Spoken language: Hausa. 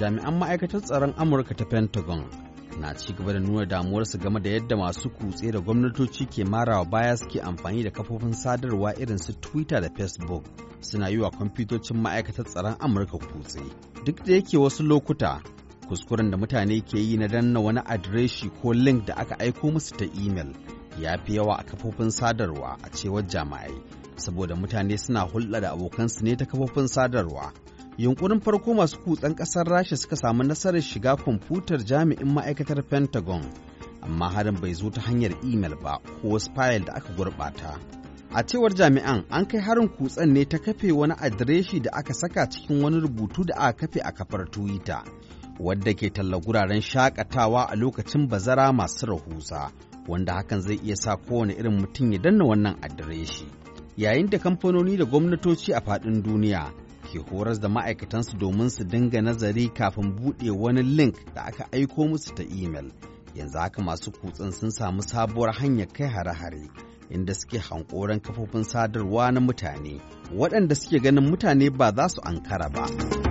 jami'an ma'aikatar tsaron amurka ta pentagon na ci gaba da nuna damuwarsu game da yadda masu kutse da gwamnatoci ke marawa baya suke amfani da kafofin sadarwa irin su twitter da facebook suna yi wa kwamfutocin ma'aikatar tsaron amurka kutse duk da yake wasu lokuta kuskuren da mutane ke yi na danna wani adireshi ko link da aka aiko musu ta imel ya fi yawa a kafofin sadarwa a cewar jama'ai saboda mutane suna hulɗa da abokansu ne ta kafofin sadarwa yunkurin farko masu kutsen ƙasar rasha suka samu nasarar shiga kwamfutar jami'in ma'aikatar pentagon amma harin bai zo ta hanyar imel ba ko wasu fayil da aka gurɓata a cewar jami'an an kai harin kutsen ne ta kafe wani adireshi da aka saka cikin wani rubutu da aka kafe a kafar twitter wadda ke talla guraren shakatawa a lokacin bazara masu rahusa wanda hakan zai iya sa kowane irin mutum ya danna wannan adireshi yayin da kamfanoni da gwamnatoci a faɗin duniya ke horas da ma'aikatansu domin su dinga nazari kafin buɗe wani link da aka aiko musu ta imel. Yanzu haka masu kutsen sun samu sabuwar hanyar kai hare-hare inda suke hankoran kafofin sadarwa na mutane waɗanda suke ganin mutane ba za su ankara ba.